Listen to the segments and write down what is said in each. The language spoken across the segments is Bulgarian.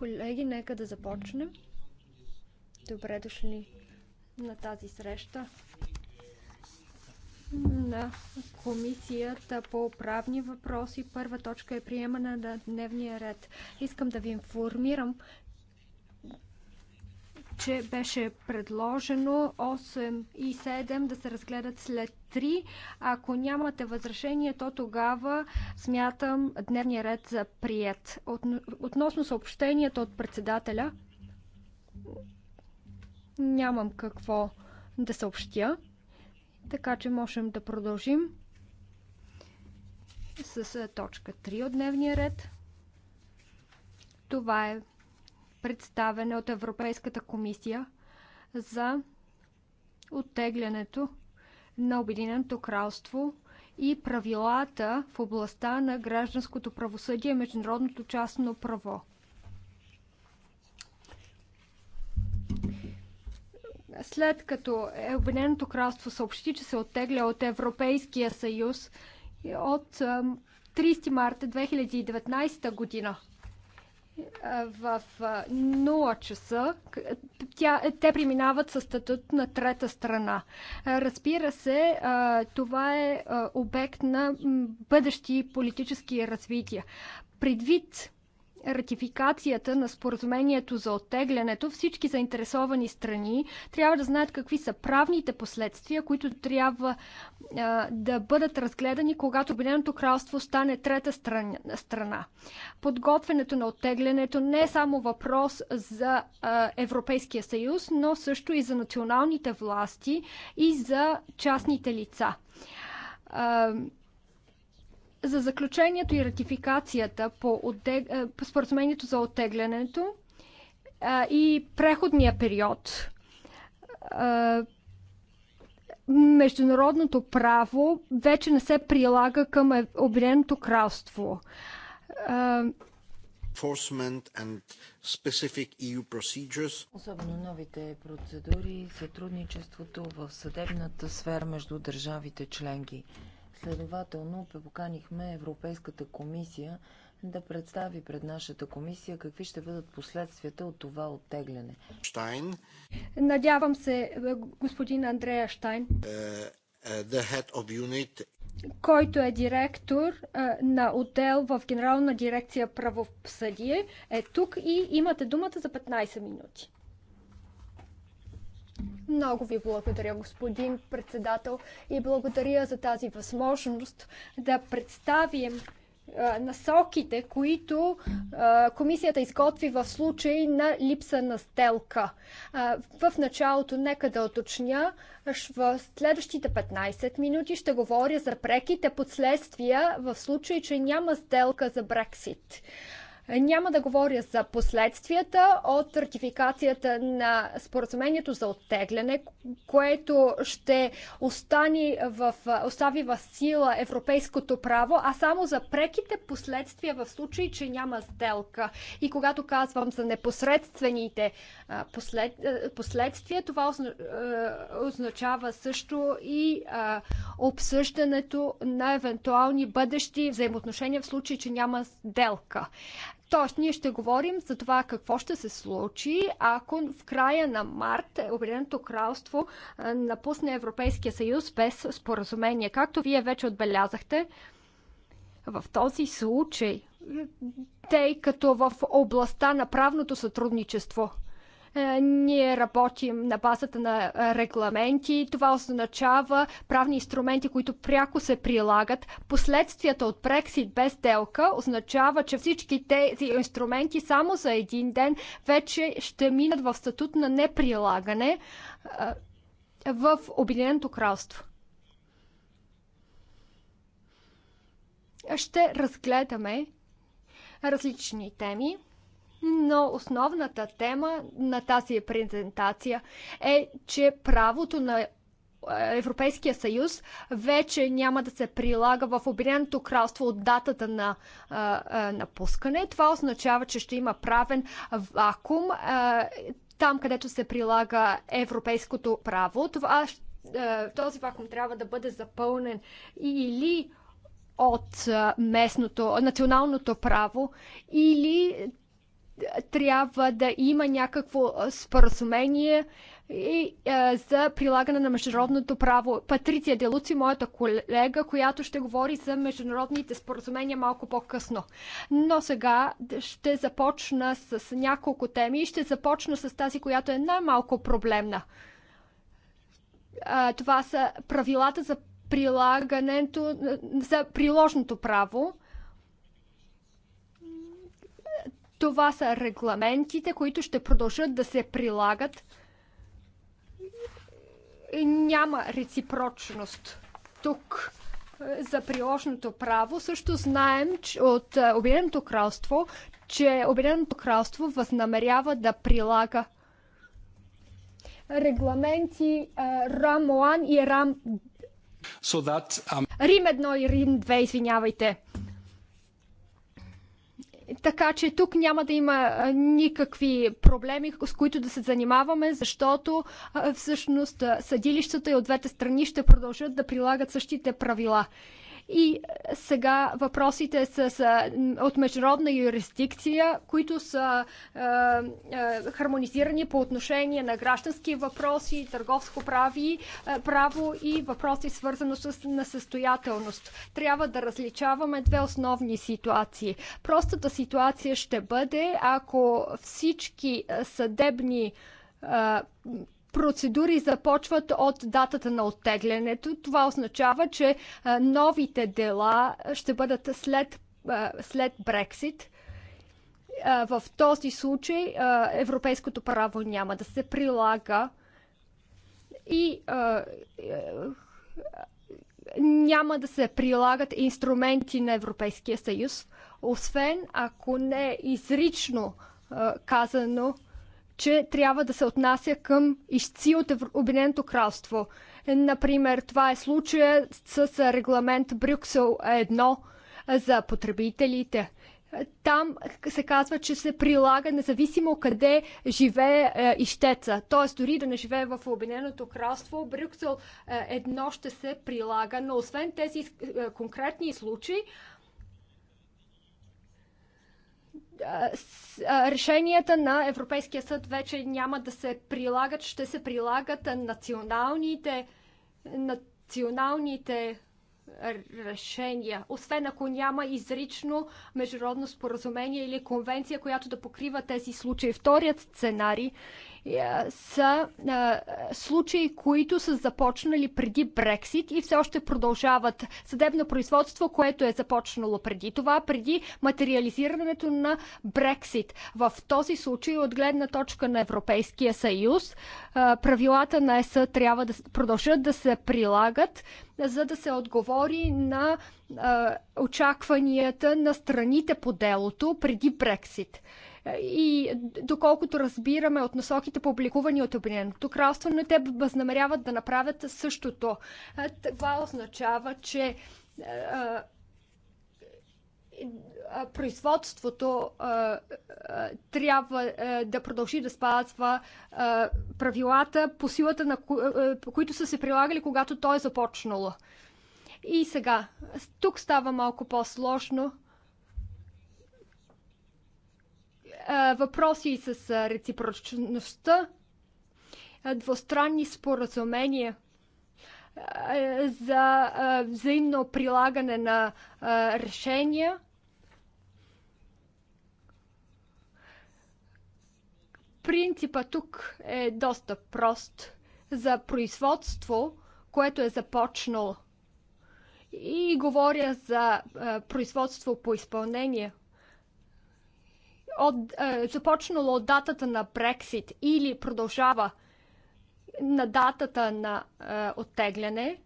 Колеги, нека да започнем. Добре дошли на тази среща на Комисията по правни въпроси. Първа точка е приемане на дневния ред. Искам да ви информирам, че беше предложено 8 и 7 да се разгледат след 3. Ако нямате възражение, то тогава смятам дневния ред за прият. Относно съобщението от председателя, нямам какво да съобщя, така че можем да продължим с точка 3 от дневния ред. Това е представена от Европейската комисия за оттеглянето на Обединеното кралство и правилата в областта на гражданското правосъдие и международното частно право. След като е, Обединеното кралство съобщи, че се оттегля от Европейския съюз от 30 марта 2019 година – в 0 часа, тя, те преминават със статут на трета страна. Разбира се, това е обект на бъдещи политически развития. Предвид ратификацията на споразумението за оттеглянето, всички заинтересовани страни трябва да знаят какви са правните последствия, които трябва а, да бъдат разгледани, когато Обединеното кралство стане трета страна. Подготвянето на оттеглянето не е само въпрос за а, Европейския съюз, но също и за националните власти и за частните лица. А, за заключението и ратификацията по, отде... по споразумението за оттеглянето и преходния период международното право вече не се прилага към е, Обединеното кралство. E Особено новите процедури и сътрудничеството в съдебната сфера между държавите членки. Следователно, поканихме Европейската комисия да представи пред нашата комисия какви ще бъдат последствията от това оттегляне. Штайн. Надявам се, господин Андрея Штайн. Uh, uh, който е директор а, е, на отдел в Генерална дирекция правосъдие, е тук и имате думата за 15 минути. Много ви благодаря, господин председател, и благодаря за тази възможност да представим насоките, които комисията изготви в случай на липса на стелка. В началото, нека да оточня, в следващите 15 минути ще говоря за преките последствия в случай, че няма сделка за Брексит. Няма да говоря за последствията от ратификацията на споразумението за оттегляне, което ще остани в, остави в сила европейското право, а само за преките последствия в случай, че няма сделка. И когато казвам за непосредствените послед, последствия, това означава също и обсъждането на евентуални бъдещи взаимоотношения в случай, че няма сделка. Тоест, ние ще говорим за това какво ще се случи, ако в края на март Обединеното кралство напусне Европейския съюз без споразумение. Както вие вече отбелязахте, в този случай, тъй като в областта на правното сътрудничество – е, ние работим на базата на е, регламенти. Това означава правни инструменти, които пряко се прилагат. Последствията от Брексит без делка означава, че всички тези инструменти само за един ден вече ще минат в статут на неприлагане е, в Обединеното кралство. Ще разгледаме различни теми но основната тема на тази презентация е, че правото на е, Европейския съюз вече няма да се прилага в Обединеното кралство от датата на напускане. Това означава, че ще има правен вакуум там, където се прилага европейското право. Това, този вакуум трябва да бъде запълнен или от местното, националното право или трябва да има някакво споразумение и е, за прилагане на международното право. Патриция Делуци, моята колега, която ще говори за международните споразумения малко по-късно. Но сега ще започна с няколко теми и ще започна с тази, която е най-малко проблемна. Е, това са правилата за прилагането, за приложното право Това са регламентите, които ще продължат да се прилагат. Няма реципрочност тук за приложното право. Също знаем че от е, Обединеното кралство, че Обединеното кралство възнамерява да прилага регламенти е, Рам 1 и Рам so that, um... Рим 1 и Рим 2, извинявайте. Така че тук няма да има никакви проблеми, с които да се занимаваме, защото всъщност съдилищата и от двете страни ще продължат да прилагат същите правила. И е, сега въпросите са, са от международна юрисдикция, които са е, е, хармонизирани по отношение на граждански въпроси, търговско прави, е, право и въпроси свързано с несъстоятелност. Трябва да различаваме две основни ситуации. Простата ситуация ще бъде, ако всички е, съдебни е, процедури започват от датата на оттеглянето. Това означава, че е, новите дела е, ще бъдат след, е, след Брексит. В този случай европейското право няма да се прилага и няма да се прилагат инструменти на Европейския съюз, освен ако не е изрично казано че трябва да се отнася към изци от Обединеното кралство. Например, това е случая с регламент Брюксел 1 за потребителите. Там се казва, че се прилага независимо къде живее е, ищеца. Т.е. дори да не живее в Обединеното кралство, Брюксел е, едно ще се прилага. Но освен тези е, конкретни случаи, решенията на Европейския съд вече няма да се прилагат, ще се прилагат националните, националните решения, освен ако няма изрично международно споразумение или конвенция, която да покрива тези случаи. Вторият сценарий е, са е, случаи, които са започнали преди Брексит и все още продължават съдебно производство, което е започнало преди това, преди материализирането на Брексит. В този случай, от гледна точка на Европейския съюз, е, правилата на ЕС трябва да продължат да се прилагат, за да се отговори на очакванията на страните по делото преди Брексит и доколкото разбираме от насоките публикувани от Обединеното кралство, но те възнамеряват да направят същото. Това означава, че производството а, трябва а, да продължи да спазва правилата по силата на ко, които са се прилагали, когато то е започнало. И сега, тук става малко по-сложно, въпроси с реципрочността, двустранни споразумения за взаимно прилагане на решения. Принципа тук е доста прост за производство, което е започнало. И говоря за производство по изпълнение – от, е, започнало от датата на Брексит или продължава на датата на е, оттегляне, е,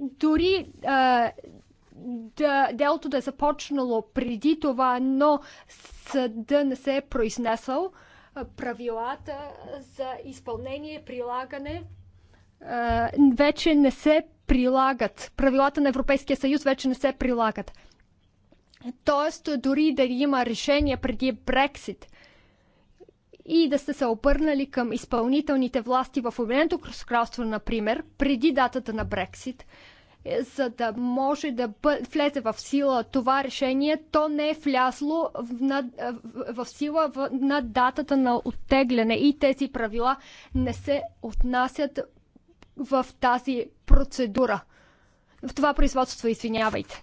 дори е, да, делото да е започнало преди това, но съда не се е произнесъл, е, правилата за изпълнение, прилагане е, вече не се прилагат. Правилата на Европейския съюз вече не се прилагат. Тоест, дори да има решение преди Брексит и да сте се обърнали към изпълнителните власти в Обединеното кралство, например, преди датата на Брексит, е, за да може да влезе в сила това решение, то не е влязло в, на, в, в сила в, на датата на оттегляне и тези правила не се отнасят в тази процедура. В това производство, извинявайте.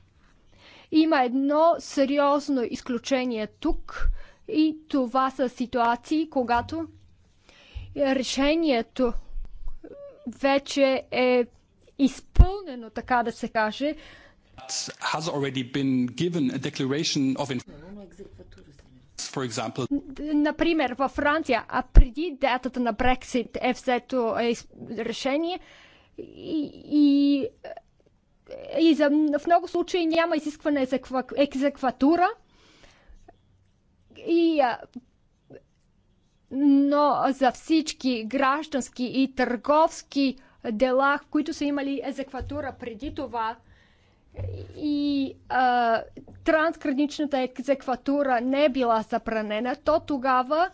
Има едно сериозно изключение тук и това са ситуации, когато решението вече е изпълнено, така да се каже. Has already been given a declaration of For example. Например, във Франция, а преди датата на Брексит е взето е решение и, и и за, в много случаи няма изискване за екзекватура. И, а, но за всички граждански и търговски дела, които са имали екзекватура преди това, и а, трансграничната екзекватура не е била забранена, то тогава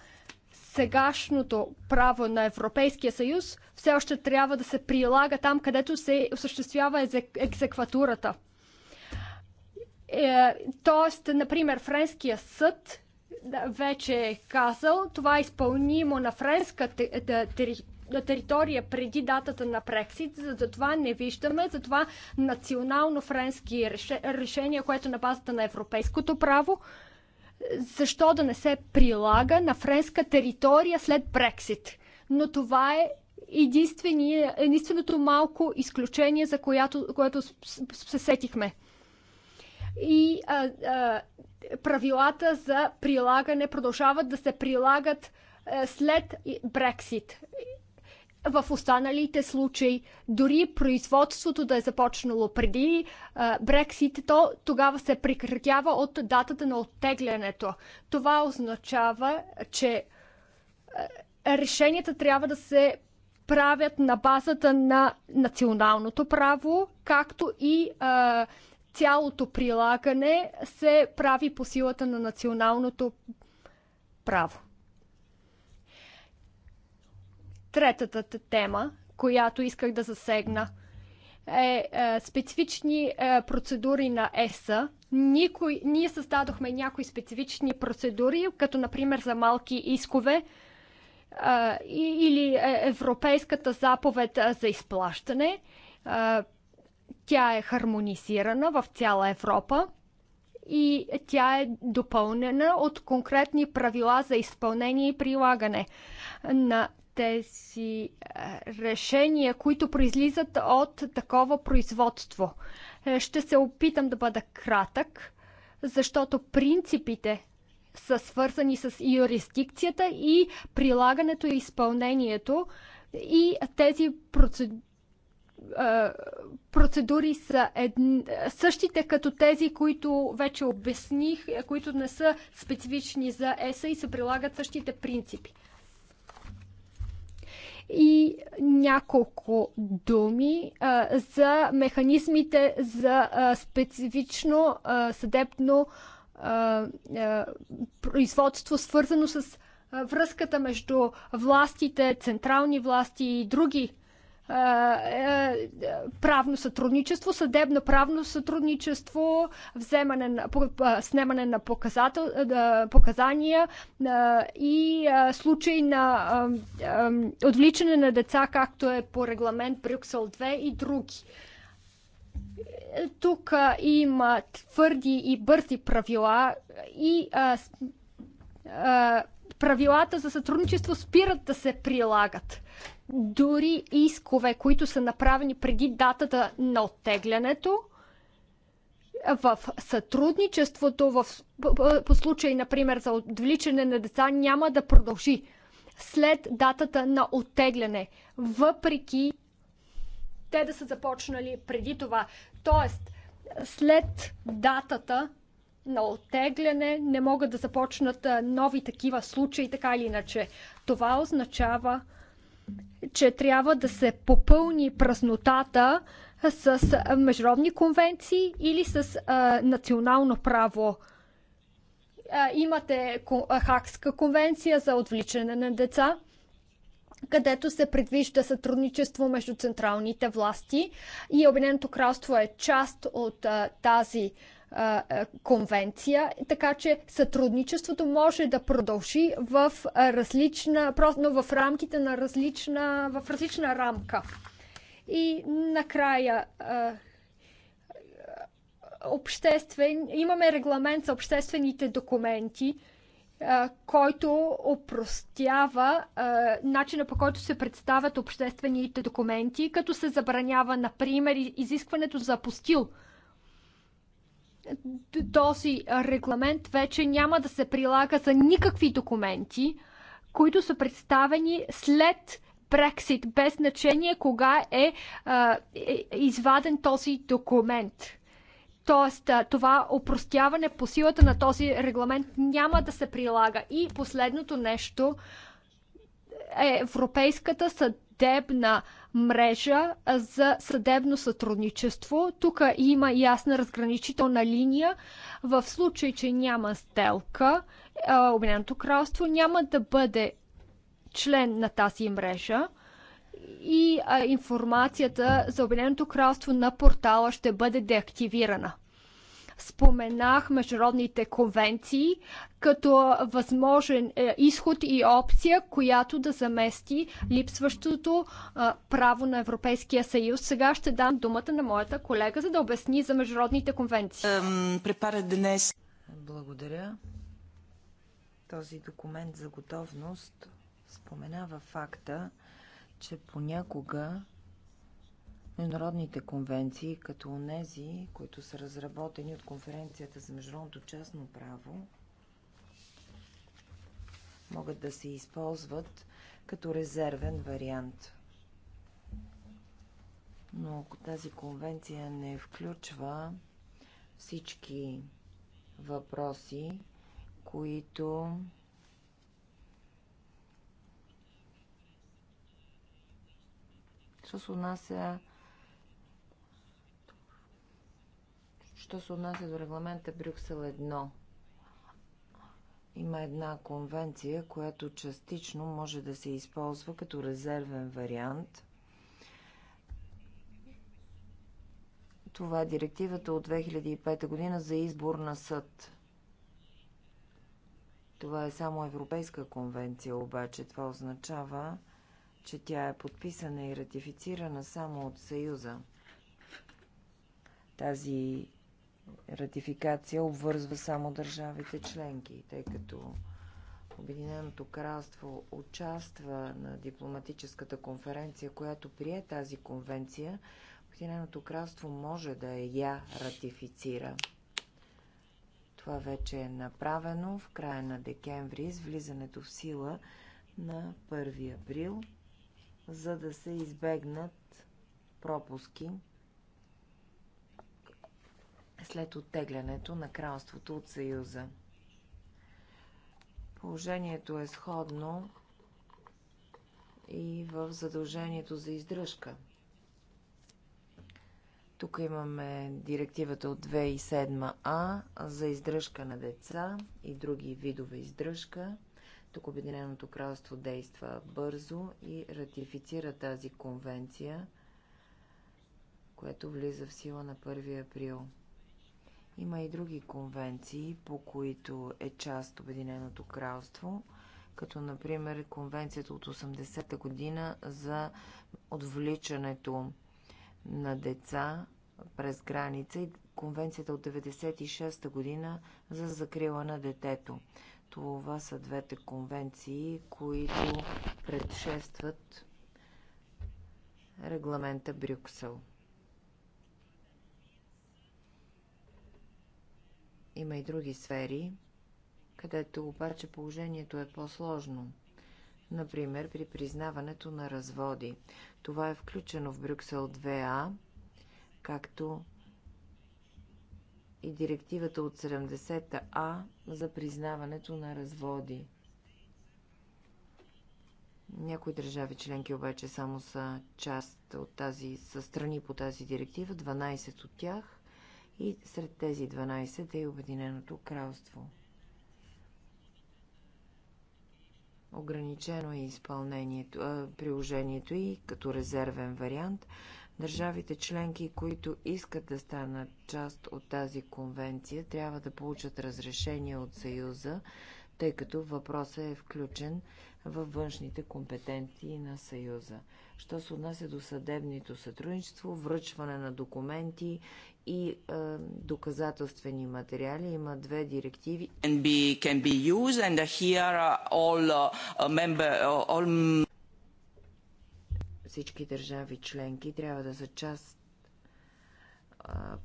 сегашното право на Европейския съюз все още трябва да се прилага там, където се осъществява екзекватурата. Е, тоест, например, Френския съд вече е казал, това е изпълнимо на френска територия на територия преди датата на Брексит, затова не виждаме, затова национално френски решение, което е на базата на европейското право, защо да не се прилага на френска територия след Брексит. Но това е единственото малко изключение, за което, което се сетихме. И а, а, правилата за прилагане продължават да се прилагат а, след Брексит в останалите случаи, дори производството да е започнало преди Брексит, то тогава се прекратява от датата на оттеглянето. Това означава, че решенията трябва да се правят на базата на националното право, както и а, цялото прилагане се прави по силата на националното право. Третата тема, която исках да засегна, е, е специфични е, процедури на ЕСА. Никой, ние създадохме някои специфични процедури, като например за малки искове, е, или е, Европейската заповед е, за изплащане. Тя е хармонизирана в цяла Европа и тя е допълнена от конкретни правила за изпълнение и прилагане на тези решения, които произлизат от такова производство. Е, ще се опитам да бъда кратък, защото принципите са свързани с юрисдикцията и прилагането и изпълнението и тези процедури процедури са ед... същите като тези, които вече обясних, които не са специфични за ЕСА и се прилагат същите принципи и няколко думи а, за механизмите за а, специфично а, съдебно а, а, производство, свързано с връзката между властите, централни власти и други е, правно сътрудничество, съдебно правно сътрудничество, вземане на, снемане на показател, показания и случаи на отвличане на деца, както е по регламент Брюксел 2 и други. Е, тук има твърди и бързи правила и правилата за сътрудничество спират да се прилагат дори искове, които са направени преди датата на оттеглянето, в сътрудничеството в, по случай, например, за отвличане на деца, няма да продължи след датата на оттегляне, въпреки те да са започнали преди това. Тоест, след датата на оттегляне не могат да започнат нови такива случаи, така или иначе. Това означава, че трябва да се попълни празнотата с международни конвенции или с а, национално право. А, имате Хакска конвенция за отвличане на деца, където се предвижда сътрудничество между централните власти и Обединеното кралство е част от а, тази конвенция, така че сътрудничеството може да продължи в различна, просто в рамките на различна, в различна рамка. И накрая обществен, имаме регламент за обществените документи, който опростява начина по който се представят обществените документи, като се забранява, например, изискването за апостил – този регламент вече няма да се прилага за никакви документи, които са представени след Брексит, без значение кога е, е, е изваден този документ. Тоест, това опростяване по силата на този регламент няма да се прилага. И последното нещо е Европейската съдебна мрежа за съдебно сътрудничество. Тук има ясна разграничителна линия. В случай, че няма сделка, Обединеното кралство няма да бъде член на тази мрежа и информацията за Обединеното кралство на портала ще бъде деактивирана. Споменах международните конвенции като възможен е, изход и опция, която да замести липсващото е, право на Европейския съюз. Сега ще дам думата на моята колега, за да обясни за международните конвенции. Препара днес. Благодаря. Този документ за готовност споменава факта, че понякога международните конвенции, като онези, които са разработени от Конференцията за международното частно право, могат да се използват като резервен вариант. Но ако тази конвенция не включва всички въпроси, които се отнася Що се отнася до регламента Брюксел 1? Има една конвенция, която частично може да се използва като резервен вариант. Това е директивата от 2005 година за избор на съд. Това е само Европейска конвенция, обаче това означава, че тя е подписана и ратифицирана само от Съюза. Тази ратификация обвързва само държавите членки, тъй като Обединеното кралство участва на дипломатическата конференция, която прие тази конвенция, Обединеното кралство може да я ратифицира. Това вече е направено в края на декември с влизането в сила на 1 април, за да се избегнат пропуски след оттеглянето на кралството от Съюза. Положението е сходно и в задължението за издръжка. Тук имаме директивата от 2007А за издръжка на деца и други видове издръжка. Тук Обединеното кралство действа бързо и ратифицира тази конвенция, което влиза в сила на 1 април. Има и други конвенции, по които е част Обединеното кралство, като например конвенцията от 80-та година за отвличането на деца през граница и конвенцията от 96-та година за закрила на детето. Това са двете конвенции, които предшестват регламента Брюксел. Има и други сфери, където обаче положението е по-сложно. Например, при признаването на разводи. Това е включено в Брюксел 2А, както и директивата от 70-а за признаването на разводи. Някои държави членки обаче само са част от тази, са страни по тази директива, 12 от тях и сред тези 12 е и Обединеното кралство. Ограничено е изпълнението, а, приложението и като резервен вариант. Държавите членки, които искат да станат част от тази конвенция, трябва да получат разрешение от Съюза, тъй като въпросът е включен във външните компетенции на Съюза. Що се отнася до съдебното сътрудничество, връчване на документи и е, доказателствени материали. Има две директиви. Всички държави членки трябва да са част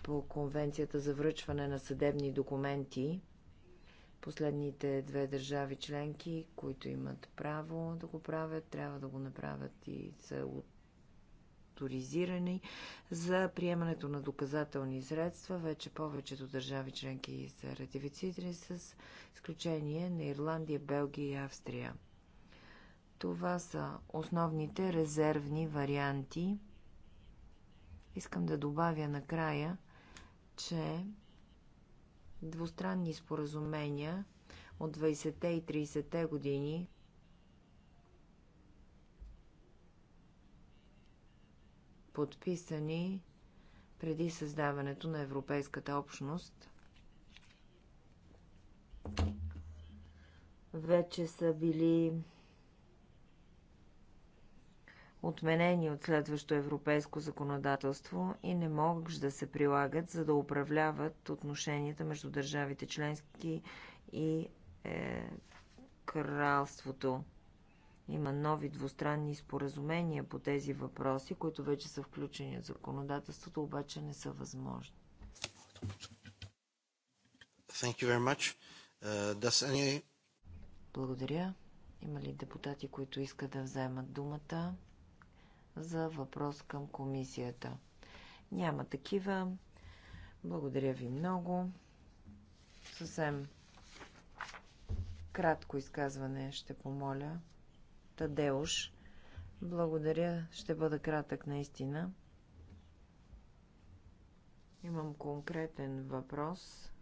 по Конвенцията за връчване на съдебни документи Последните две държави членки, които имат право да го правят, трябва да го направят и са авторизирани. За приемането на доказателни средства вече повечето държави членки са ратифицирани с изключение на Ирландия, Белгия и Австрия. Това са основните резервни варианти. Искам да добавя накрая, че Двустранни споразумения от 20-те и 30-те години подписани преди създаването на Европейската общност, вече са били отменени от следващо европейско законодателство и не могат да се прилагат, за да управляват отношенията между държавите членски и е, кралството. Има нови двустранни споразумения по тези въпроси, които вече са включени от законодателството, обаче не са възможни. Thank you very much. Uh, does any... Благодаря. Има ли депутати, които искат да вземат думата? за въпрос към комисията. Няма такива. Благодаря ви много. Съвсем кратко изказване ще помоля. Тадеуш, благодаря. Ще бъда кратък наистина. Имам конкретен въпрос,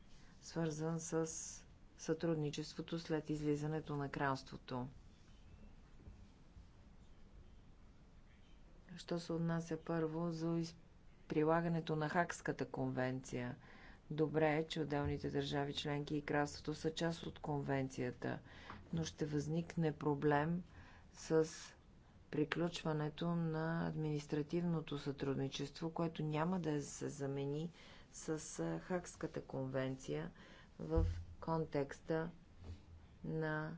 свързан с сътрудничеството след излизането на кралството. що се отнася първо за прилагането на Хакската конвенция. Добре е, че отделните държави членки и кралството са част от конвенцията, но ще възникне проблем с приключването на административното сътрудничество, което няма да се замени с Хакската конвенция в контекста на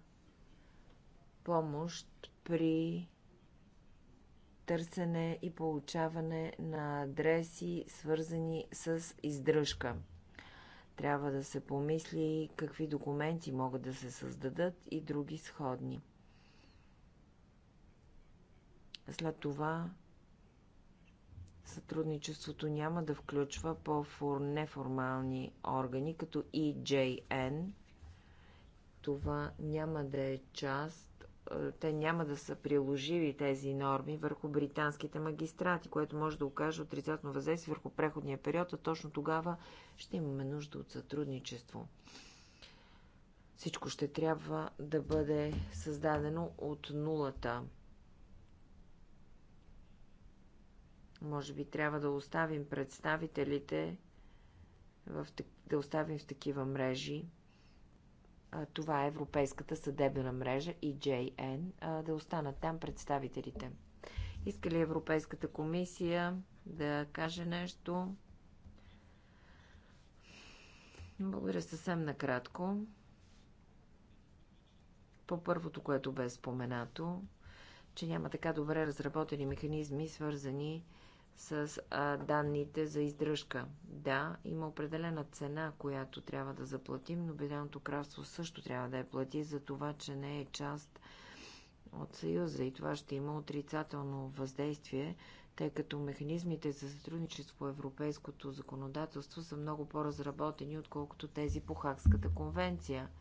помощ при търсене и получаване на адреси, свързани с издръжка. Трябва да се помисли какви документи могат да се създадат и други сходни. След това сътрудничеството няма да включва по-неформални органи, като EJN. Това няма да е част те няма да са приложили тези норми върху британските магистрати, което може да окаже отрицателно въздействие върху преходния период, а точно тогава ще имаме нужда от сътрудничество. Всичко ще трябва да бъде създадено от нулата. Може би трябва да оставим представителите в, да оставим в такива мрежи, това е Европейската съдебна мрежа и JN, да останат там представителите. Иска ли Европейската комисия да каже нещо? Благодаря съвсем накратко. По първото, което бе споменато, че няма така добре разработени механизми, свързани с с а, данните за издръжка. Да, има определена цена, която трябва да заплатим, но Обединеното кралство също трябва да я плати за това, че не е част от Съюза и това ще има отрицателно въздействие, тъй като механизмите за сътрудничество в европейското законодателство са много по-разработени, отколкото тези по Хакската конвенция –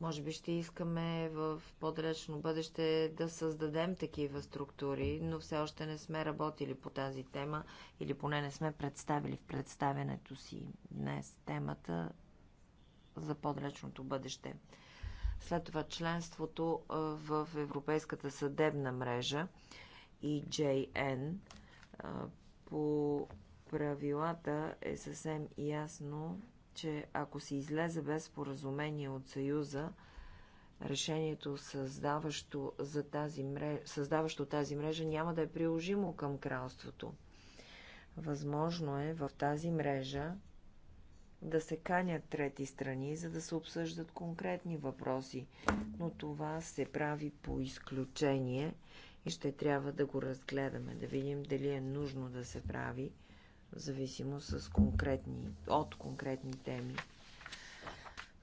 може би ще искаме в по-далечно бъдеще да създадем такива структури, но все още не сме работили по тази тема или поне не сме представили в представянето си днес темата за по-далечното бъдеще. След това членството в Европейската съдебна мрежа и JN по правилата е съвсем ясно, че ако се излезе без споразумение от Съюза, решението, създаващо, за тази мрежа, създаващо тази мрежа, няма да е приложимо към кралството. Възможно е в тази мрежа да се канят трети страни, за да се обсъждат конкретни въпроси, но това се прави по изключение и ще трябва да го разгледаме, да видим дали е нужно да се прави зависимост с конкретни, от конкретни теми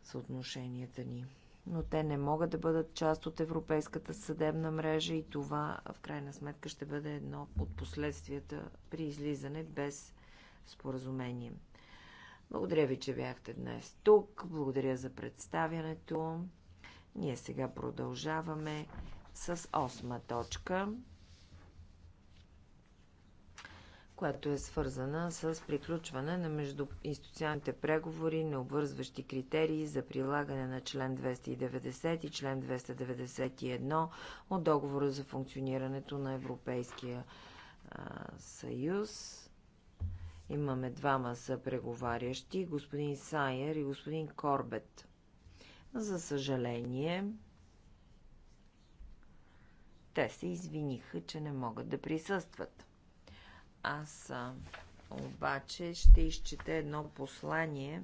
съотношенията ни. Но те не могат да бъдат част от Европейската съдебна мрежа и това в крайна сметка ще бъде едно от последствията при излизане без споразумение. Благодаря ви, че бяхте днес тук. Благодаря за представянето. Ние сега продължаваме с осма точка която е свързана с приключване на междуинституционалните преговори, на обвързващи критерии за прилагане на член 290 и член 291 от договора за функционирането на Европейския съюз. Имаме двама са преговарящи, господин Сайер и господин Корбет. За съжаление, те се извиниха, че не могат да присъстват. Аз обаче ще изчета едно послание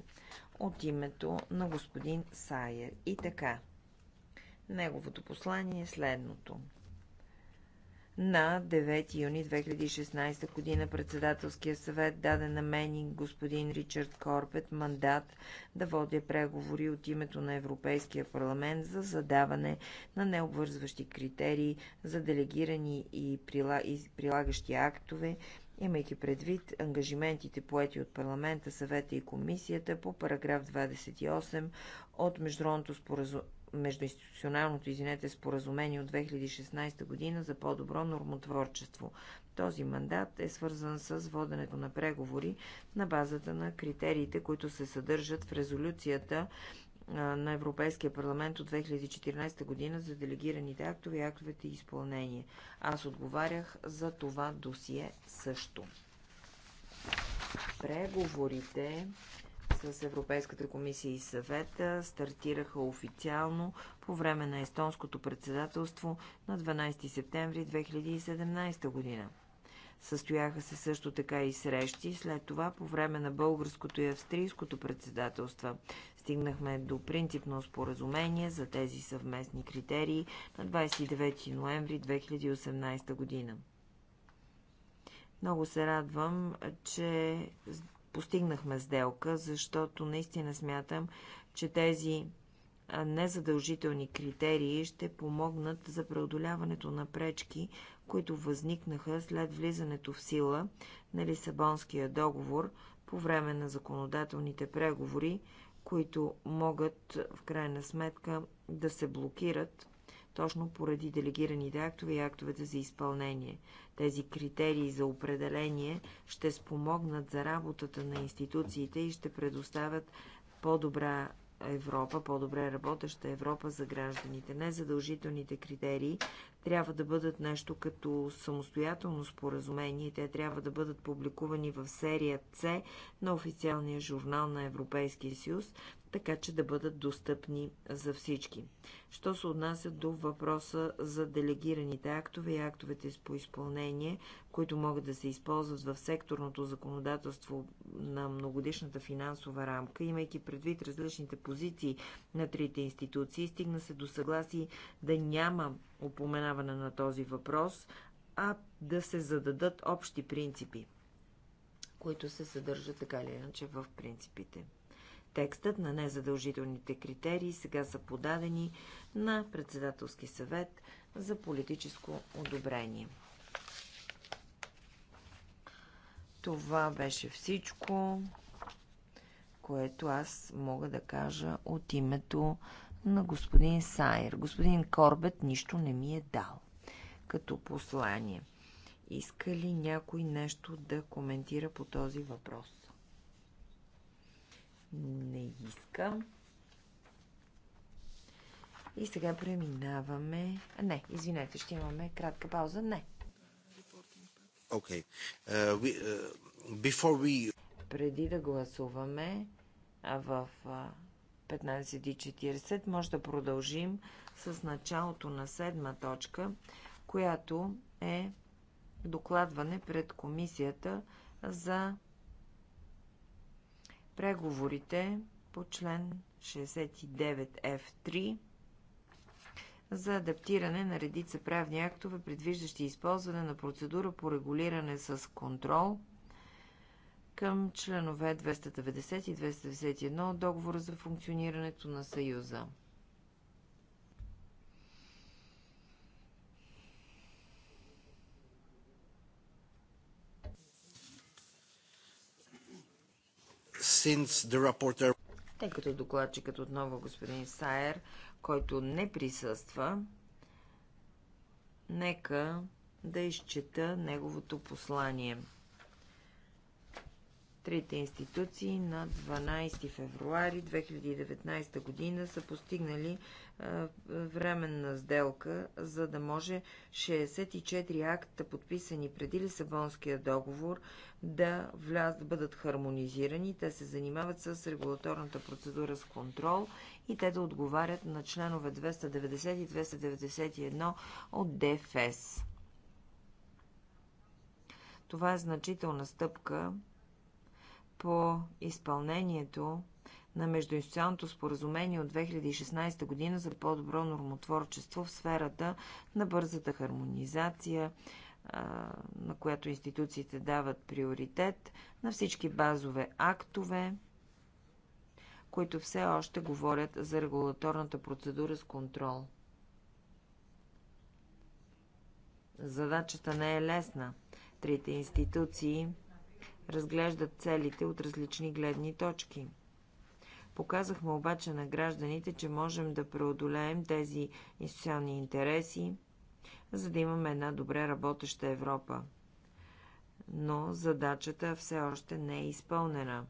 от името на господин Сайер. И така. Неговото послание е следното. На 9 юни 2016 година председателския съвет даде на мен и господин Ричард Корпет мандат да водя преговори от името на Европейския парламент за задаване на необвързващи критерии за делегирани и прилагащи актове имайки предвид ангажиментите поети от парламента, съвета и комисията по параграф 28 от Международното споразумение междуинституционалното извинете, споразумение от 2016 година за по-добро нормотворчество. Този мандат е свързан с воденето на преговори на базата на критериите, които се съдържат в резолюцията на Европейския парламент от 2014 година за делегираните актове и актовете и изпълнение. Аз отговарях за това досие също. Преговорите с Европейската комисия и съвета стартираха официално по време на естонското председателство на 12 септември 2017 година. Състояха се също така и срещи, след това по време на българското и австрийското председателство Стигнахме до принципно споразумение за тези съвместни критерии на 29 ноември 2018 година. Много се радвам, че постигнахме сделка, защото наистина смятам, че тези незадължителни критерии ще помогнат за преодоляването на пречки, които възникнаха след влизането в сила на Лисабонския договор по време на законодателните преговори, които могат в крайна сметка да се блокират точно поради делегираните актове и актовете за изпълнение. Тези критерии за определение ще спомогнат за работата на институциите и ще предоставят по-добра Европа, по-добре работеща Европа за гражданите. Незадължителните критерии трябва да бъдат нещо като самостоятелно споразумение. Те трябва да бъдат публикувани в серия С на официалния журнал на Европейския съюз, така че да бъдат достъпни за всички. Що се отнася до въпроса за делегираните актове и актовете по изпълнение, които могат да се използват в секторното законодателство на многодишната финансова рамка, имайки предвид различните позиции на трите институции, стигна се до съгласие да няма упоменаване на този въпрос, а да се зададат общи принципи, които се съдържат така или иначе в принципите. Текстът на незадължителните критерии сега са подадени на Председателски съвет за политическо одобрение. Това беше всичко, което аз мога да кажа от името на господин Сайер. Господин Корбет нищо не ми е дал като послание. Иска ли някой нещо да коментира по този въпрос? Не иска. И сега преминаваме... А, не, извинете, ще имаме кратка пауза. Не. Okay. Uh, we, uh, before we... Преди да гласуваме в 15.40 може да продължим с началото на седма точка, която е докладване пред комисията за преговорите по член 69F3 за адаптиране на редица правни актове, предвиждащи използване на процедура по регулиране с контрол към членове 290 и 291 от договора за функционирането на Съюза. Тъй като докладчикът отново е господин Сайер, който не присъства, нека да изчета неговото послание. Трите институции на 12 февруари 2019 година са постигнали временна сделка, за да може 64 акта, подписани преди Лисабонския договор, да вляз, бъдат хармонизирани. Те се занимават с регулаторната процедура с контрол и те да отговарят на членове 290 и 291 от ДФС. Това е значителна стъпка по изпълнението на междуинституционното споразумение от 2016 година за по-добро нормотворчество в сферата на бързата хармонизация, на която институциите дават приоритет на всички базове актове, които все още говорят за регулаторната процедура с контрол. Задачата не е лесна. Трите институции разглеждат целите от различни гледни точки – Показахме обаче на гражданите, че можем да преодолеем тези институционални интереси, за да имаме една добре работеща Европа. Но задачата все още не е изпълнена.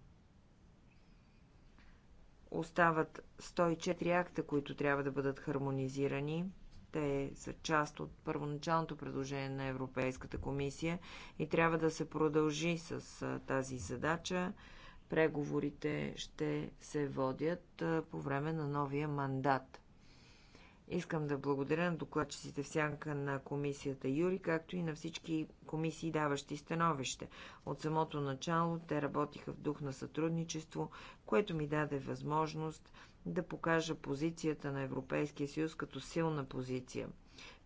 Остават 104 акта, които трябва да бъдат хармонизирани. Те са част от първоначалното предложение на Европейската комисия и трябва да се продължи с тази задача преговорите ще се водят по време на новия мандат. Искам да благодаря на докладчиците в сянка на комисията Юри, както и на всички комисии, даващи становище. От самото начало те работиха в дух на сътрудничество, което ми даде възможност да покажа позицията на Европейския съюз като силна позиция.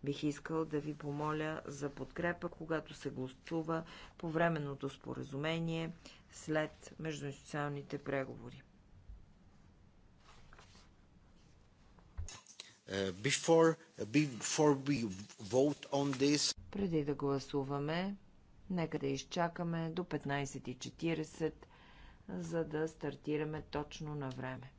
Бих искал да ви помоля за подкрепа, когато се гласува по временното споразумение след междуинституционалните преговори. Uh, before, uh, before this... Преди да гласуваме, нека да изчакаме до 15.40, за да стартираме точно на време.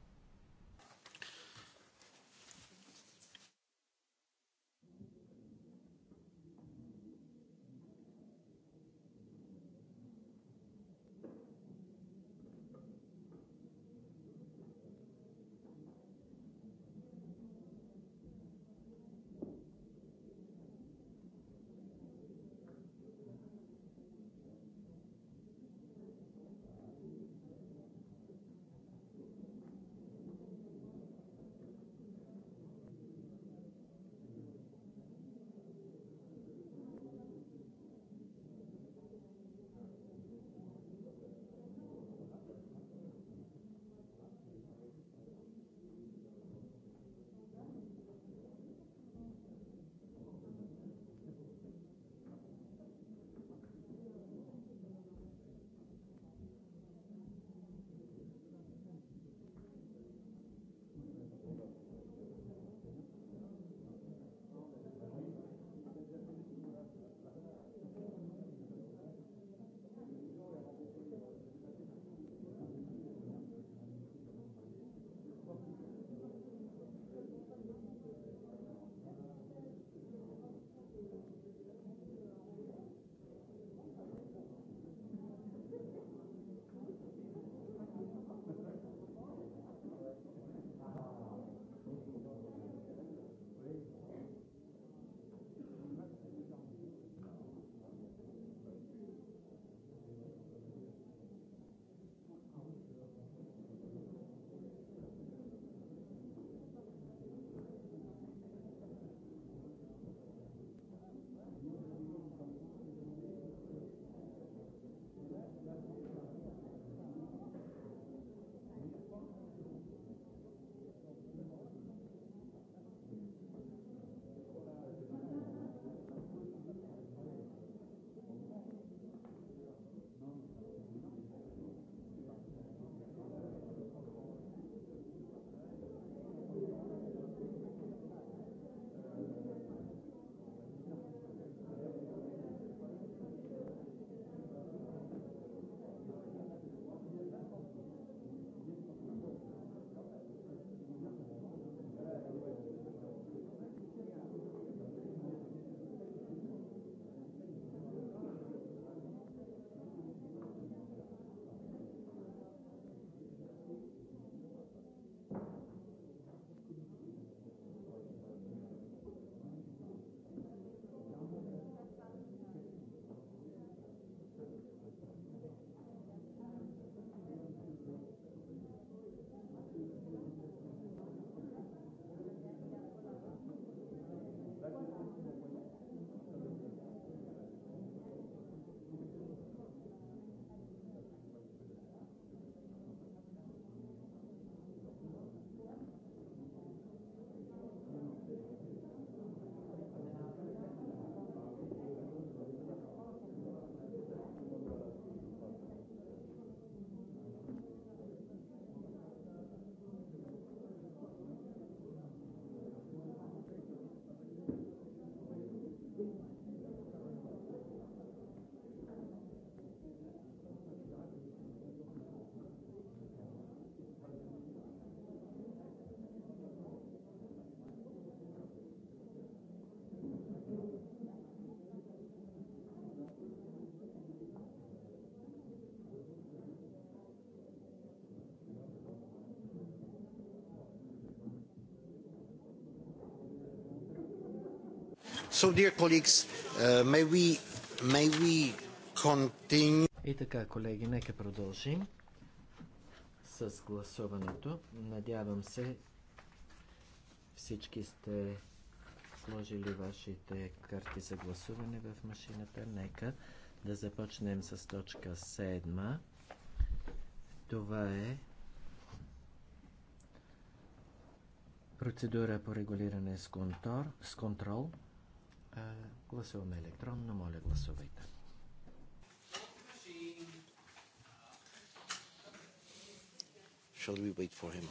So, dear colleagues, uh, may we, may we continue... И така, колеги, нека продължим с гласуването. Надявам се, всички сте сложили вашите карти за гласуване в машината. Нека да започнем с точка 7. Това е процедура по регулиране с контор, С контрол Гласуваме електронно. Моля, гласувайте. Shall we wait for him?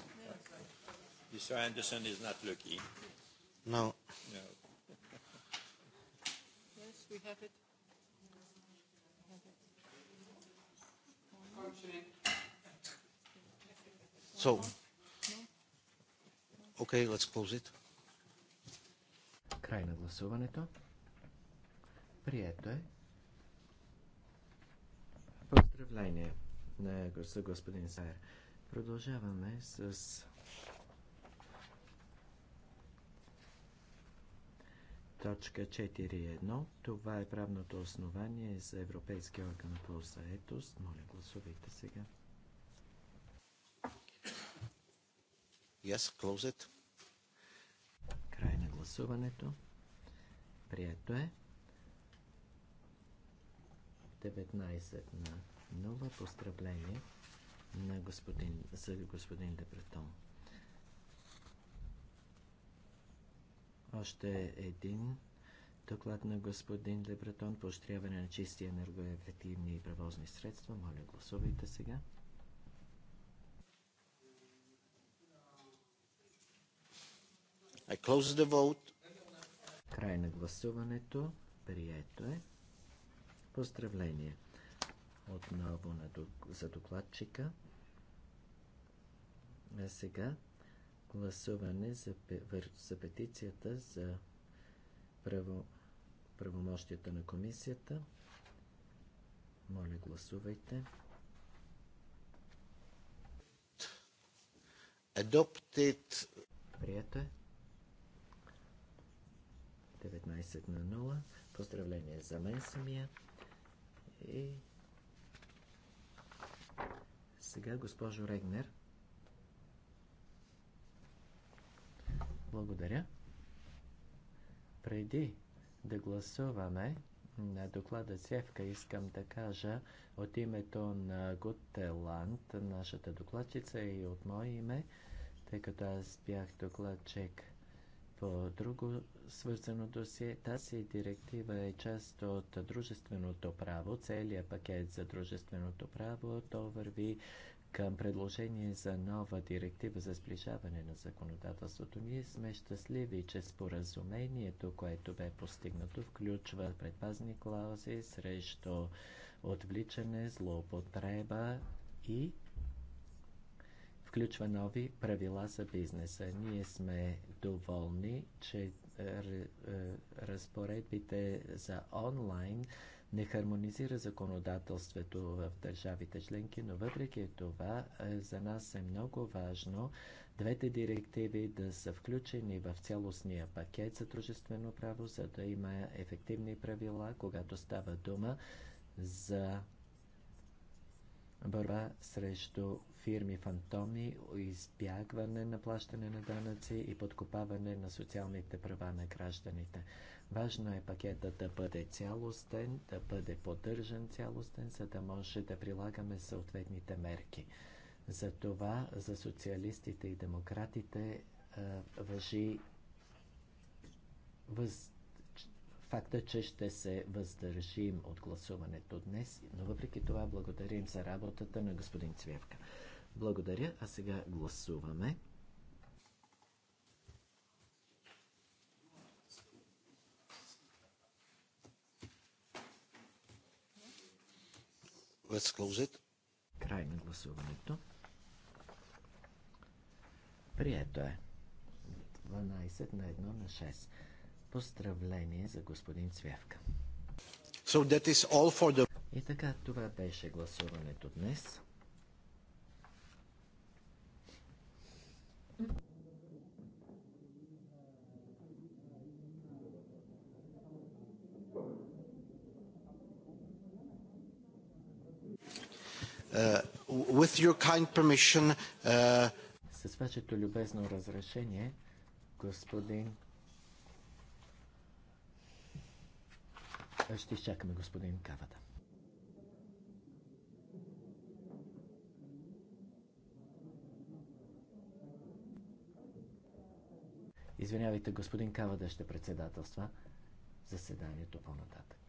Mr. Anderson is not lucky. No. No. yes, we have it. So, okay, let's close it. Край на гласуването. Прието е. Поздравление на господин Сайер. Продължаваме с точка 4.1. Това е правното основание за Европейския орган по заетост. Моля, гласувайте сега. Yes, close it. Край на гласуването. Прието е. 19 на нова Поздравление на господин, за господин Дебретон. Още един доклад на господин Дебретон. Поощряване на чисти енергоефективни и превозни средства. Моля, гласувайте сега. I close the vote. Край на гласуването. Прието е. Поздравление отново на, за докладчика. А сега гласуване за, за петицията за право, правомощията на комисията. Моля, гласувайте. Adopted. Прието е. 19.00. Поздравление за мен самия. И сега госпожо Регнер. Благодаря. Преди да гласуваме на доклада Севка искам да кажа от името на Готеланд, нашата докладчица и от мое име, тъй като аз бях докладчик по друго свързано досие. Тази директива е част от дружественото право, целият пакет за дружественото право. То върви към предложение за нова директива за сближаване на законодателството. Ние сме щастливи, че споразумението, което бе постигнато, включва предпазни клаузи срещу отвличане, злоупотреба и включва нови правила за бизнеса. Ние сме доволни, че е, е, разпоредбите за онлайн не хармонизира законодателството в държавите членки, но въпреки това е, за нас е много важно двете директиви да са включени в цялостния пакет за дружествено право, за да има ефективни правила, когато става дума за борба срещу фирми фантоми, избягване на плащане на данъци и подкопаване на социалните права на гражданите. Важно е пакетът да бъде цялостен, да бъде поддържан цялостен, за да може да прилагаме съответните мерки. За това за социалистите и демократите въжи въз, факта, че ще се въздържим от гласуването днес, но въпреки това благодарим за работата на господин Цвевка. Благодаря, а сега гласуваме. Let's close it. Край на гласуването. Прието е. 12 на 1 на 6. Поздравление за господин Цвявка. So that is all for the... И така, това беше гласуването днес. Uh, with your kind permission, uh... С вашето любезно разрешение, господин Е, ще изчакаме господин Кавата. Извинявайте, господин Кавада ще председателства заседанието по-нататък.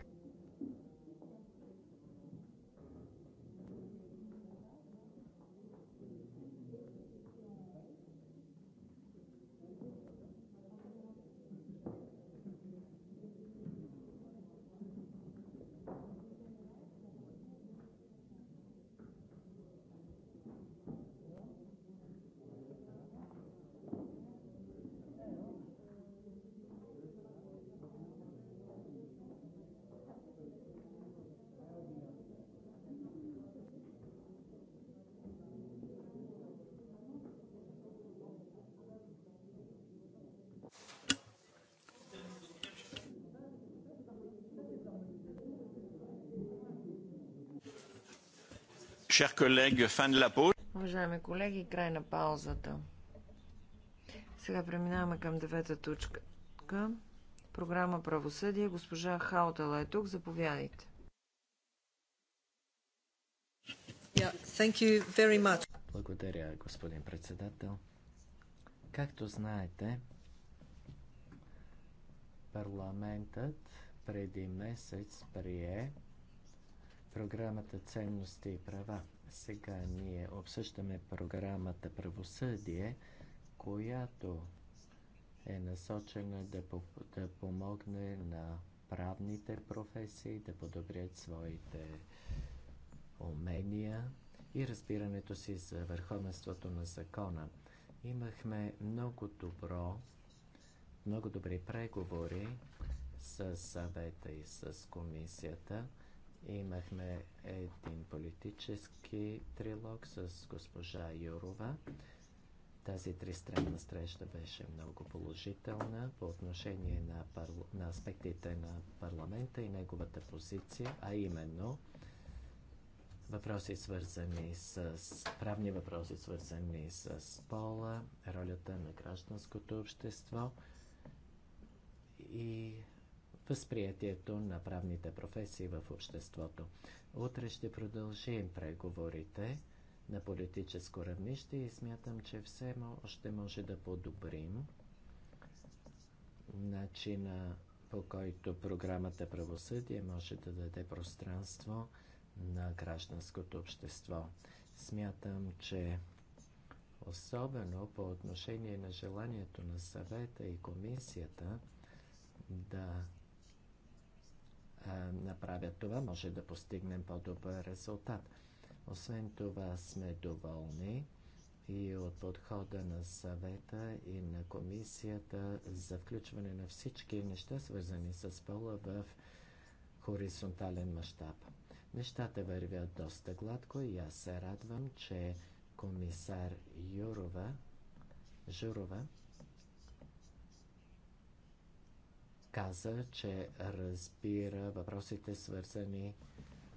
Уважаеми колеги, край на паузата. Сега преминаваме към девета точка. Програма Правосъдие. Госпожа Хаутала е тук. Заповядайте. Благодаря, господин председател. Както знаете, парламентът преди месец прие програмата Ценности и права. Сега ние обсъждаме програмата Правосъдие, която е насочена да, по да помогне на правните професии да подобрят своите умения и разбирането си за върховенството на закона. Имахме много добро, много добри преговори с съвета и с комисията – Имахме един политически трилог с госпожа Юрова. Тази тристранна среща беше много положителна по отношение на, парл... на аспектите на парламента и неговата позиция, а именно въпроси свързани с правни въпроси, свързани с пола, ролята на гражданското общество и възприятието на правните професии в обществото. Утре ще продължим преговорите на политическо равнище и смятам, че все още може да подобрим начина по който програмата правосъдие може да даде пространство на гражданското общество. Смятам, че особено по отношение на желанието на съвета и комисията да направят това, може да постигнем по-добър резултат. Освен това сме доволни и от подхода на съвета и на комисията за включване на всички неща, свързани с пола в хоризонтален мащаб. Нещата вървят доста гладко и аз се радвам, че комисар Юрова, Журова каза, че разбира въпросите свързани,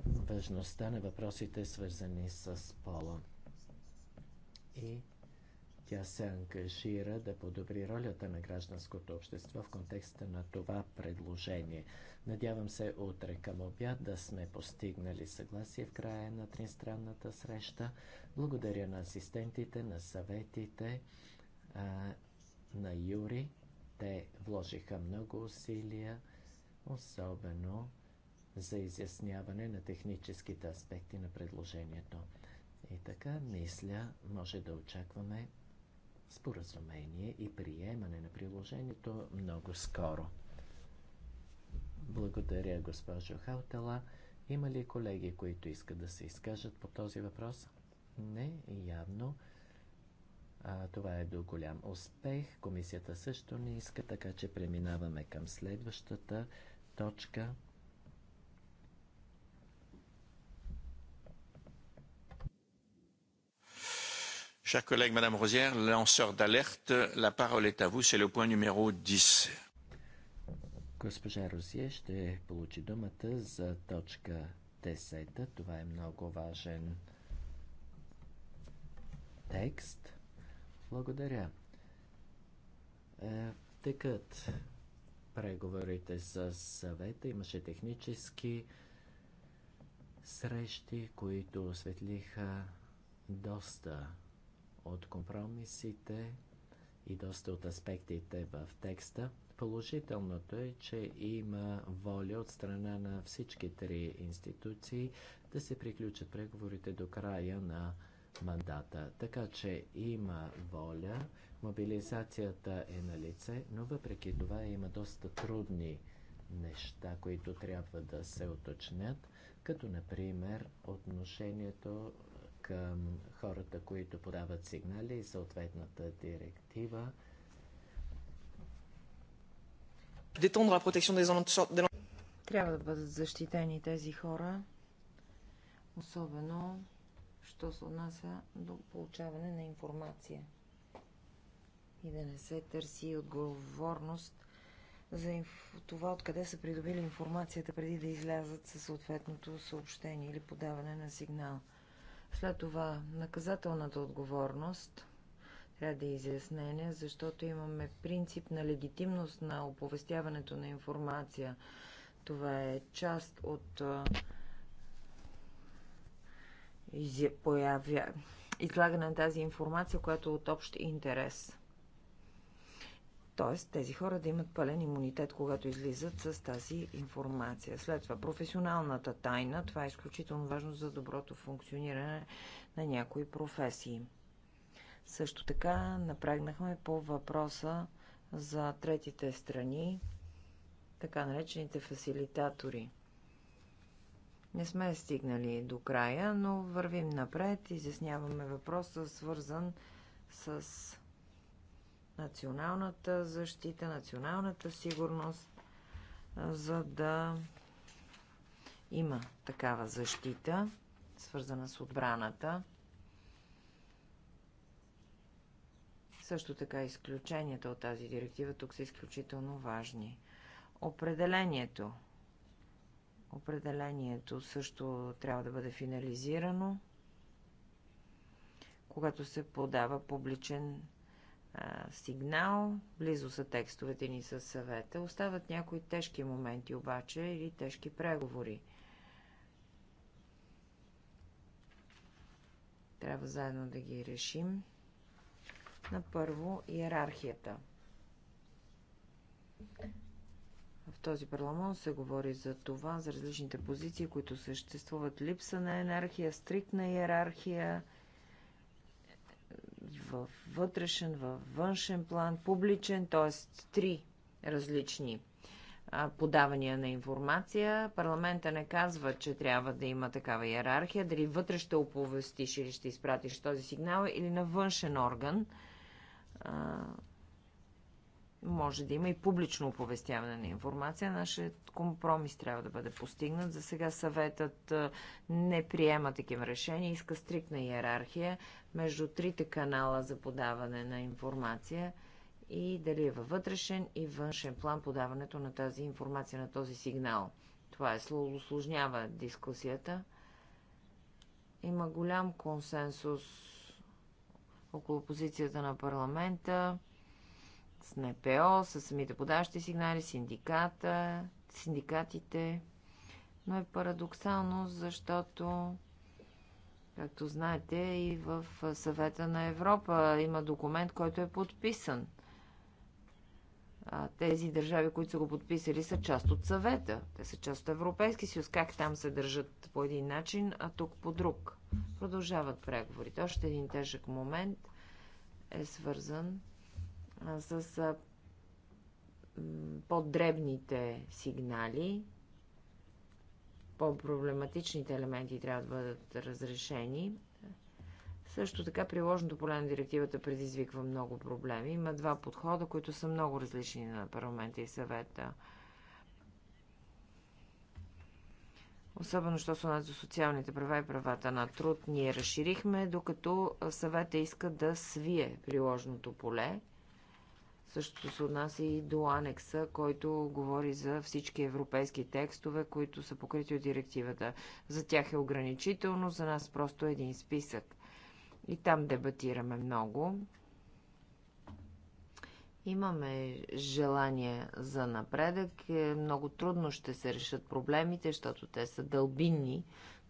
важността на въпросите свързани с пола. И тя се ангажира да подобри ролята на гражданското общество в контекста на това предложение. Надявам се утре към обяд да сме постигнали съгласие в края на тристранната среща. Благодаря на асистентите, на съветите, на Юри те вложиха много усилия, особено за изясняване на техническите аспекти на предложението. И така, мисля, може да очакваме споразумение и приемане на приложението много скоро. Благодаря, госпожо Хаутела. Има ли колеги, които искат да се изкажат по този въпрос? Не, явно. А, това е до голям успех. Комисията също не иска, така че преминаваме към следващата точка. Chers collègues, Madame Rosière, lanceur d'alerte, la parole est à vous, c'est le point numéro 10. Госпожа Розие ще получи думата за точка 10. Това е много важен текст. Благодаря. Е, текат преговорите с съвета. Имаше технически срещи, които осветлиха доста от компромисите и доста от аспектите в текста. Положителното е, че има воля от страна на всички три институции да се приключат преговорите до края на мандата. Така че има воля, мобилизацията е на лице, но въпреки това има доста трудни неща, които трябва да се уточнят, като например отношението е, към хората, които подават сигнали и съответната директива. Трябва да бъдат защитени тези хора, особено що се отнася до получаване на информация и да не се търси отговорност за инф... това, откъде са придобили информацията преди да излязат със съответното съобщение или подаване на сигнал. След това наказателната отговорност трябва да е изяснение, защото имаме принцип на легитимност на оповестяването на информация. Това е част от появя излагане на тази информация, която е от общ интерес. Тоест, тези хора да имат пълен имунитет, когато излизат с тази информация. След това, професионалната тайна, това е изключително важно за доброто функциониране на някои професии. Също така напрегнахме по въпроса за третите страни, така наречените фасилитатори. Не сме стигнали до края, но вървим напред. Изясняваме въпроса, свързан с националната защита, националната сигурност, за да има такава защита, свързана с отбраната. Също така изключенията от тази директива тук са изключително важни. Определението – Определението също трябва да бъде финализирано, когато се подава публичен а, сигнал. Близо са текстовете ни с съвета. Остават някои тежки моменти обаче или тежки преговори. Трябва заедно да ги решим. На първо, иерархията този парламент се говори за това, за различните позиции, които съществуват. Липса на енархия, стриктна иерархия, във вътрешен, във външен план, публичен, т.е. три различни подавания на информация. Парламента не казва, че трябва да има такава иерархия. Дали вътре ще оповестиш или ще изпратиш този сигнал или на външен орган може да има и публично оповестяване на информация. Нашият компромис трябва да бъде постигнат. За сега съветът е, не приема такива решения, иска стрикна иерархия между трите канала за подаване на информация и дали е във вътрешен и външен план подаването на тази информация, на този сигнал. Това е осложнява дискусията. Има голям консенсус около позицията на парламента с НПО, с самите подаващи сигнали, синдиката, синдикатите. Но е парадоксално, защото, както знаете, и в съвета на Европа има документ, който е подписан. А тези държави, които са го подписали, са част от съвета. Те са част от Европейски съюз. Как там се държат по един начин, а тук по друг? Продължават преговорите. Още един тежък момент е свързан с по-дребните сигнали, по-проблематичните елементи трябва да бъдат разрешени. Също така приложното поле на директивата предизвиква много проблеми. Има два подхода, които са много различни на парламента и съвета. Особено, що са за социалните права и правата на труд, ние разширихме, докато съвета иска да свие приложното поле Същото се отнася и до анекса, който говори за всички европейски текстове, които са покрити от директивата. За тях е ограничително, за нас просто е един списък. И там дебатираме много. Имаме желание за напредък. Е, много трудно ще се решат проблемите, защото те са дълбинни.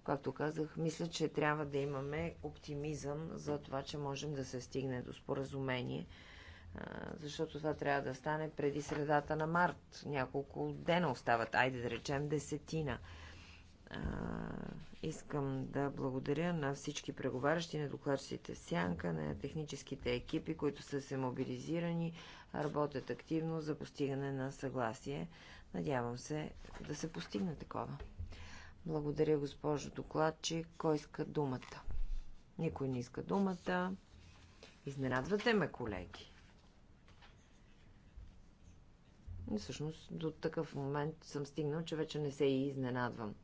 Както казах, мисля, че трябва да имаме оптимизъм за това, че можем да се стигне до споразумение – защото това трябва да стане преди средата на март. Няколко дена остават, айде да речем десетина. А, искам да благодаря на всички преговарящи, на докладчиците в Сянка, на техническите екипи, които са се мобилизирани, работят активно за постигане на съгласие. Надявам се да се постигне такова. Благодаря, госпожо докладчи. Кой иска думата? Никой не иска думата. Изненадвате ме, колеги. И Всъщност до такъв момент съм стигнал, че вече не се и изненадвам.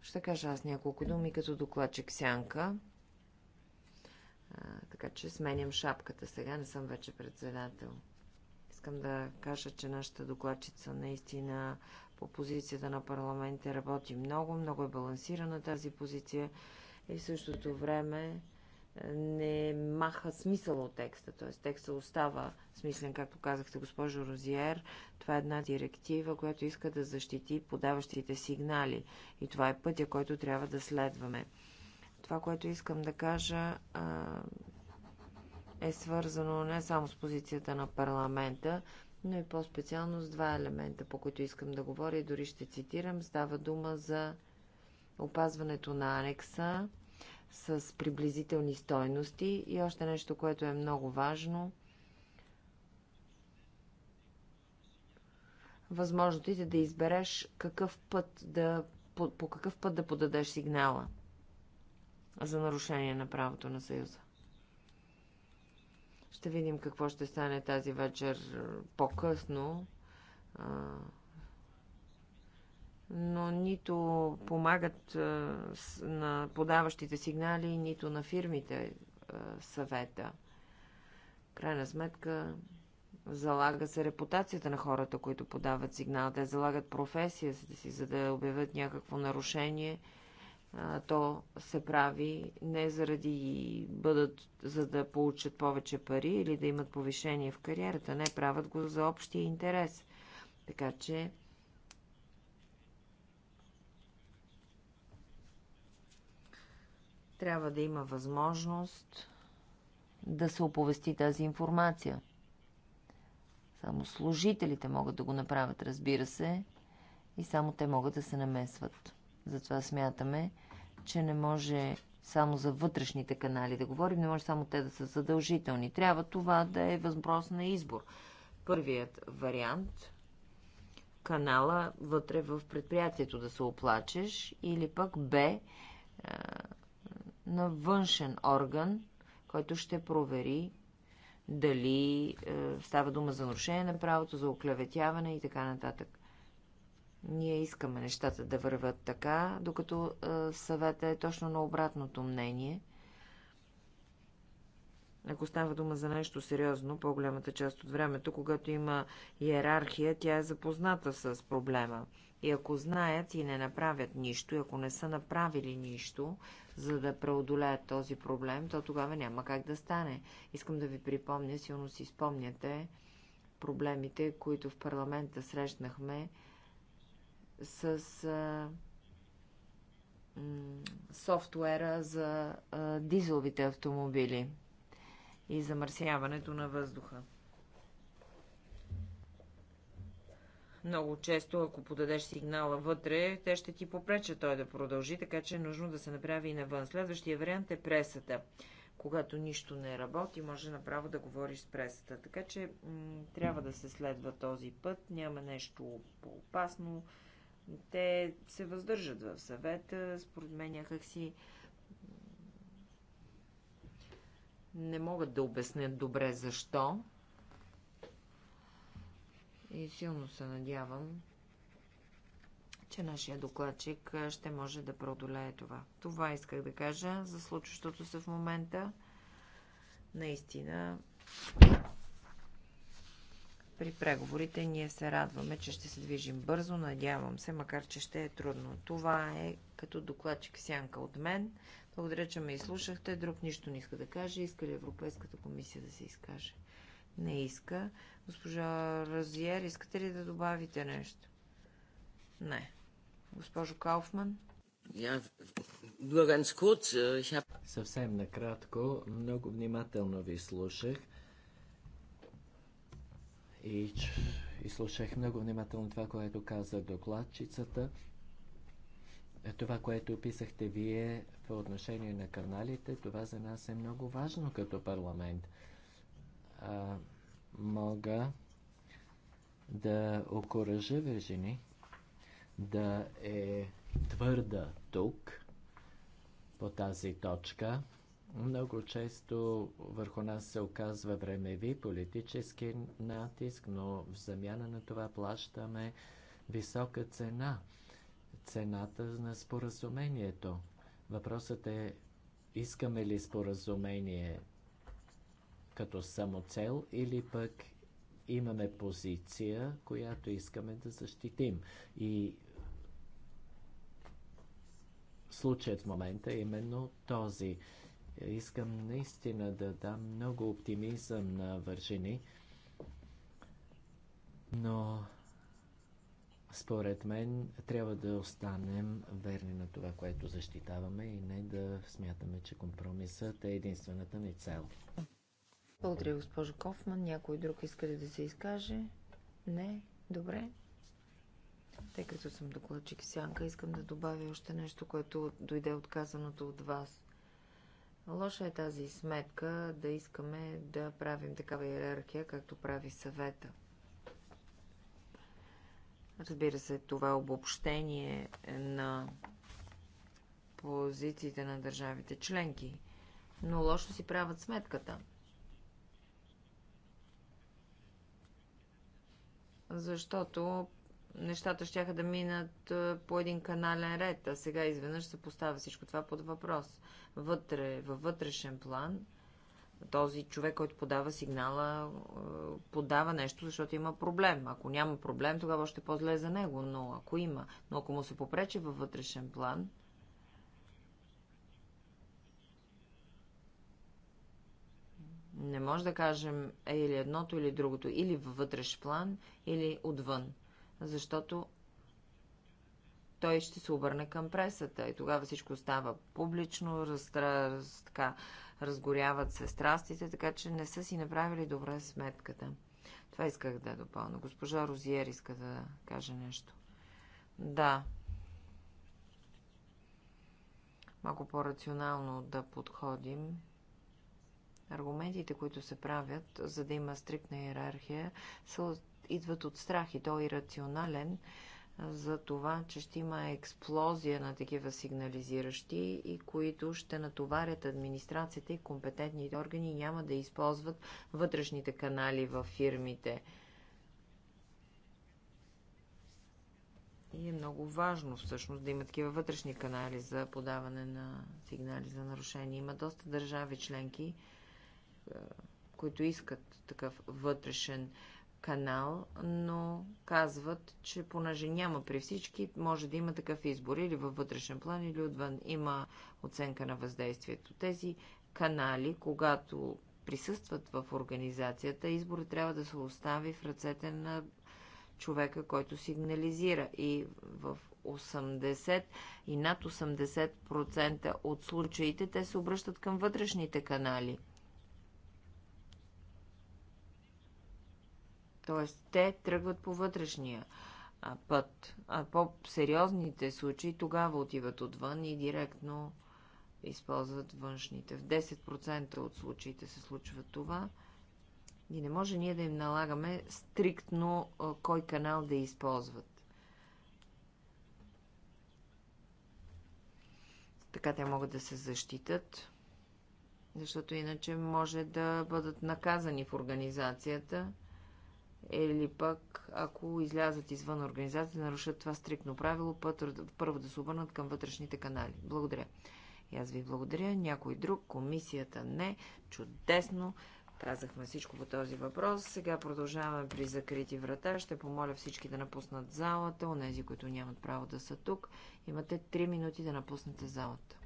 Ще кажа аз няколко думи като докладчик Сянка. А, така че сменям шапката сега, не съм вече председател. Искам да кажа, че нашата докладчица наистина по позицията на парламента работи много, много е балансирана тази позиция и в същото време не маха смисъл от текста, т.е. текста остава смислен, както казахте, госпожо Розиер. Това е една директива, която иска да защити подаващите сигнали и това е пътя, който трябва да следваме. Това, което искам да кажа, е свързано не само с позицията на парламента, но и по-специално с два елемента, по които искам да говоря и дори ще цитирам. Става дума за опазването на анекса, с приблизителни стойности. И още нещо, което е много важно. Възможно ти да избереш какъв път да, по, по какъв път да подадеш сигнала за нарушение на правото на Съюза. Ще видим какво ще стане тази вечер по-късно но нито помагат на подаващите сигнали, нито на фирмите съвета. Крайна сметка, залага се репутацията на хората, които подават сигнал. Те залагат професията си, за да обявят някакво нарушение. То се прави не заради бъдат, за да получат повече пари или да имат повишение в кариерата. Не правят го за общия интерес. Така че трябва да има възможност да се оповести тази информация. Само служителите могат да го направят, разбира се, и само те могат да се намесват. Затова смятаме, че не може само за вътрешните канали да говорим, не може само те да са задължителни. Трябва това да е въпрос на избор. Първият вариант канала вътре в предприятието да се оплачеш или пък Б на външен орган, който ще провери дали е, става дума за нарушение на правото, за оклеветяване и така нататък. Ние искаме нещата да върват така, докато е, съвета е точно на обратното мнение. Ако става дума за нещо сериозно, по-голямата част от времето, когато има иерархия, тя е запозната с проблема. И ако знаят и не направят нищо, и ако не са направили нищо, за да преодолеят този проблем, то тогава няма как да стане. Искам да ви припомня, силно си спомняте проблемите, които в парламента срещнахме с а, м, софтуера за а, дизеловите автомобили и замърсяването на въздуха. Много често, ако подадеш сигнала вътре, те ще ти попречат той да продължи, така че е нужно да се направи и навън. Следващия вариант е пресата. Когато нищо не работи, може направо да говориш с пресата. Така че трябва да се следва този път. Няма нещо по-опасно. Те се въздържат в съвета. Според мен някак си не могат да обяснят добре защо и силно се надявам, че нашия докладчик ще може да преодолее това. Това исках да кажа за случващото се в момента. Наистина, при преговорите ние се радваме, че ще се движим бързо, надявам се, макар че ще е трудно. Това е като докладчик сянка от мен. Благодаря, че ме изслушахте. Друг нищо не иска да каже. Иска ли Европейската комисия да се изкаже? Не иска. Госпожа Разиер, искате ли да добавите нещо? Не. Госпожо Кауфман? Э, Съвсем накратко, много внимателно ви слушах и, и слушах много внимателно това, което каза докладчицата. Е, това, което описахте вие по отношение на каналите, това за нас е много важно като парламент – а, мога да окоръжа Вержини да е твърда тук по тази точка. Много често върху нас се оказва времеви политически натиск, но в замяна на това плащаме висока цена. Цената на споразумението. Въпросът е искаме ли споразумение като самоцел или пък имаме позиция, която искаме да защитим. И случаят в момента е именно този. Искам наистина да дам много оптимизъм на Вържини, но според мен трябва да останем верни на това, което защитаваме и не да смятаме, че компромисът е единствената ни цел. Благодаря, госпожо Кофман. Някой друг иска ли да се изкаже? Не? Добре. Тъй като съм докладчик Сянка, искам да добавя още нещо, което дойде отказаното от вас. Лоша е тази сметка да искаме да правим такава иерархия, както прави съвета. Разбира се, това обобщение на позициите на държавите членки, но лошо си правят сметката – защото нещата ще да минат по един канален ред, а сега изведнъж се поставя всичко това под въпрос. Вътре, във вътрешен план, този човек, който подава сигнала, подава нещо, защото има проблем. Ако няма проблем, тогава ще по-зле е за него, но ако има, но ако му се попречи във вътрешен план, Не може да кажем е или едното, или другото, или във вътреш план, или отвън, защото той ще се обърне към пресата и тогава всичко става публично, разтра, така, разгоряват се страстите, така че не са си направили добре сметката. Това исках да допълна. Госпожа Розиер иска да каже нещо. Да. Малко по-рационално да подходим Аргументите, които се правят, за да има стриктна иерархия, са, идват от страх и то е ирационален за това, че ще има експлозия на такива сигнализиращи и които ще натоварят администрацията и компетентните органи няма да използват вътрешните канали във фирмите. И е много важно всъщност да има такива вътрешни канали за подаване на сигнали за нарушения. Има доста държави членки, които искат такъв вътрешен канал, но казват, че понеже няма при всички, може да има такъв избор или във вътрешен план, или отвън. Има оценка на въздействието. Тези канали, когато присъстват в организацията, изборът трябва да се остави в ръцете на човека, който сигнализира. И в 80 и над 80% от случаите те се обръщат към вътрешните канали – Тоест, те тръгват по вътрешния път. А по-сериозните случаи тогава отиват отвън и директно използват външните. В 10% от случаите се случва това. И не може ние да им налагаме стриктно кой канал да използват. Така те могат да се защитат, защото иначе може да бъдат наказани в организацията или пък ако излязат извън организацията, нарушат това стрикно правило, път, първо да се обърнат към вътрешните канали. Благодаря. И аз ви благодаря. Някой друг? Комисията не. Чудесно. Казахме всичко по този въпрос. Сега продължаваме при закрити врата. Ще помоля всички да напуснат залата. Онези, които нямат право да са тук, имате 3 минути да напуснете залата.